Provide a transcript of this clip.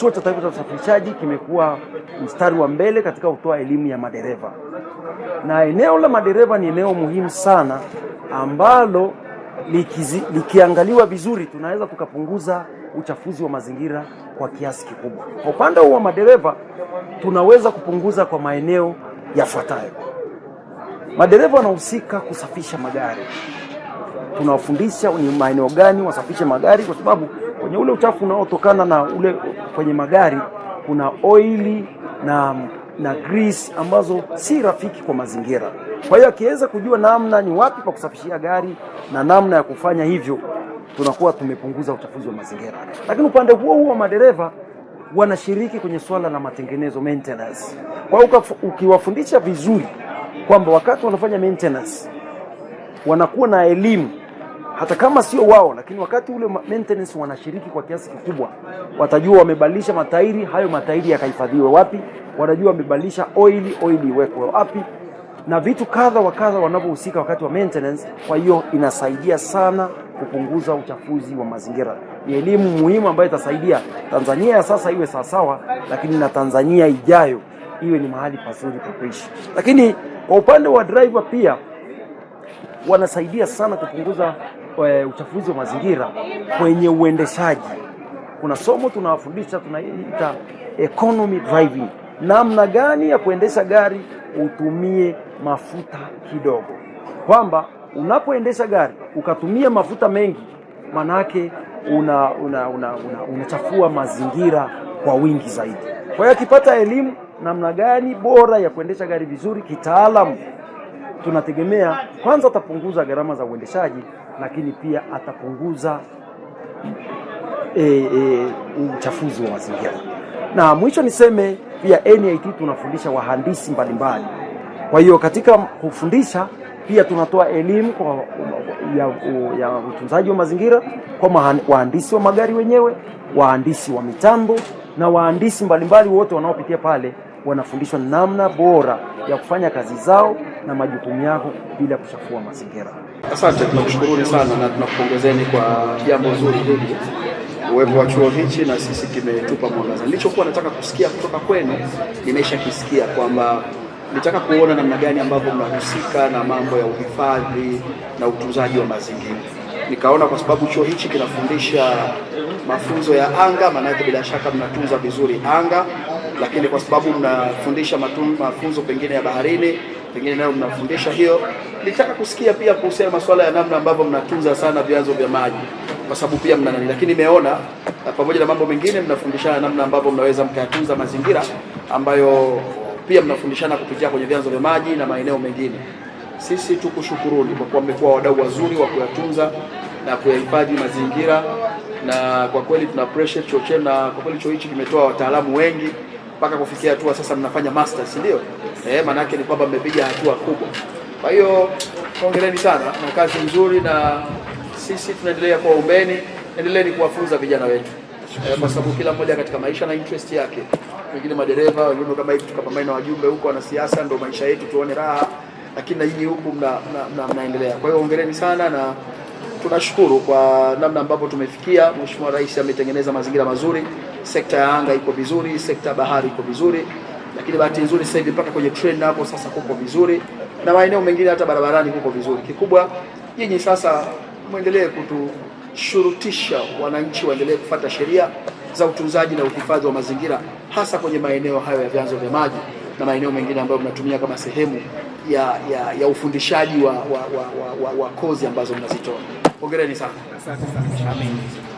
Chuo cha Taifa cha Usafirishaji kimekuwa mstari wa mbele katika kutoa elimu ya madereva, na eneo la madereva ni eneo muhimu sana ambalo likizi, likiangaliwa vizuri tunaweza tukapunguza uchafuzi wa mazingira kwa kiasi kikubwa. Kwa upande huu wa madereva tunaweza kupunguza kwa maeneo yafuatayo. Madereva wanahusika kusafisha magari, tunawafundisha ni maeneo gani wasafishe magari, kwa sababu kwenye ule uchafu unaotokana na ule kwenye magari kuna oili na, na grease ambazo si rafiki kwa mazingira. Kwa hiyo akiweza kujua namna ni wapi pa kusafishia gari na namna ya kufanya hivyo, tunakuwa tumepunguza uchafuzi wa mazingira. Lakini upande huo huo wa madereva wanashiriki kwenye swala la matengenezo maintenance. Kwa hiyo ukiwafundisha vizuri kwamba wakati wanafanya maintenance wanakuwa na elimu hata kama sio wao, lakini wakati ule maintenance wanashiriki kwa kiasi kikubwa, watajua wamebadilisha matairi, hayo matairi yakahifadhiwe wapi, wanajua wamebadilisha oil, oil iwekwe wapi na vitu kadha wa kadha wanavyohusika wakati wa maintenance. Kwa hiyo inasaidia sana kupunguza uchafuzi wa mazingira. Ni elimu muhimu ambayo itasaidia Tanzania ya sasa iwe sawasawa, lakini na Tanzania ijayo iwe ni mahali pazuri pa kuishi. Lakini kwa upande wa driver pia wanasaidia sana kupunguza e, uchafuzi wa mazingira kwenye uendeshaji. Kuna somo tunawafundisha tunaita economy driving, namna gani ya kuendesha gari utumie mafuta kidogo, kwamba unapoendesha gari ukatumia mafuta mengi, manake unachafua una, una, una, una mazingira kwa wingi zaidi. Kwa hiyo akipata elimu namna gani bora ya kuendesha gari vizuri kitaalamu tunategemea kwanza atapunguza gharama za uendeshaji, lakini pia atapunguza e, e, uchafuzi wa mazingira. Na mwisho niseme pia NIT tunafundisha wahandisi mbalimbali. Kwa hiyo katika kufundisha pia tunatoa elimu kwa ya, ya utunzaji wa mazingira kwa wahandisi wa magari wenyewe, wahandisi wa mitambo na wahandisi mbalimbali wote wanaopitia pale wanafundishwa namna bora ya kufanya kazi zao na majukumu yako bila kuchafua mazingira. Asante, tunakushukuruni sana na tunakupongezeni kwa jambo zuri hili. Uwepo wa chuo hichi na sisi kimetupa mwangaza. Nilichokuwa nataka kusikia kutoka kwenu nimesha kisikia kwamba nitaka kuona namna gani ambavyo mnahusika na mambo ya uhifadhi na utunzaji wa mazingira. Nikaona kwa sababu chuo hichi kinafundisha mafunzo ya anga, maanake bila shaka mnatunza vizuri anga, lakini kwa sababu mnafundisha mafunzo pengine ya baharini pengine nayo mnafundisha hiyo. Nilitaka kusikia pia kuhusiana masuala ya namna ambavyo mnatunza sana vyanzo vya maji kwa sababu pia mna nani, lakini nimeona eh, pamoja na mambo mengine mnafundishana namna ambavyo mnaweza mkayatunza mazingira ambayo pia mnafundishana kupitia kwenye vyanzo vya maji na maeneo mengine. Sisi tukushukuruni kwa kuwa mmekuwa wadau wazuri wa kuyatunza na kuyahifadhi mazingira, na kwa kweli tuna pressure chuo chenu, na kwa kweli chuo hichi kimetoa wataalamu wengi mpaka kufikia hatua sasa mnafanya master, si ndio? Eh, maanake ni kwamba mmepiga hatua kubwa. Kwa hiyo hongereni sana na kazi nzuri, na sisi tunaendelea kuwaombeni, endeleeni kuwafunza vijana wetu eh, kwa sababu kila mmoja katika maisha na interest yake. Wengine madereva, wengine kama hivi tukapambana na wajumbe huko, wanasiasa, ndio maisha yetu, tuone raha, lakini na nyinyi huku mnaendelea mna, mna, mna. Kwa hiyo hongereni sana na tunashukuru kwa namna ambavyo tumefikia. Mheshimiwa Rais ametengeneza mazingira mazuri, sekta ya anga iko vizuri, sekta ya bahari iko vizuri, lakini bahati nzuri sasa hivi mpaka kwenye treni hapo sasa kuko vizuri, na maeneo mengine hata barabarani kuko vizuri. Kikubwa nyinyi sasa mwendelee kutushurutisha wananchi waendelee kufata sheria za utunzaji na uhifadhi wa mazingira, hasa kwenye maeneo hayo ya vyanzo vya maji na maeneo mengine ambayo mnatumia kama sehemu ya, ya, ya ufundishaji wa, wa, wa, wa, wa, wa kozi ambazo mnazitoa. Hongereni sana. Asante sana. Amen.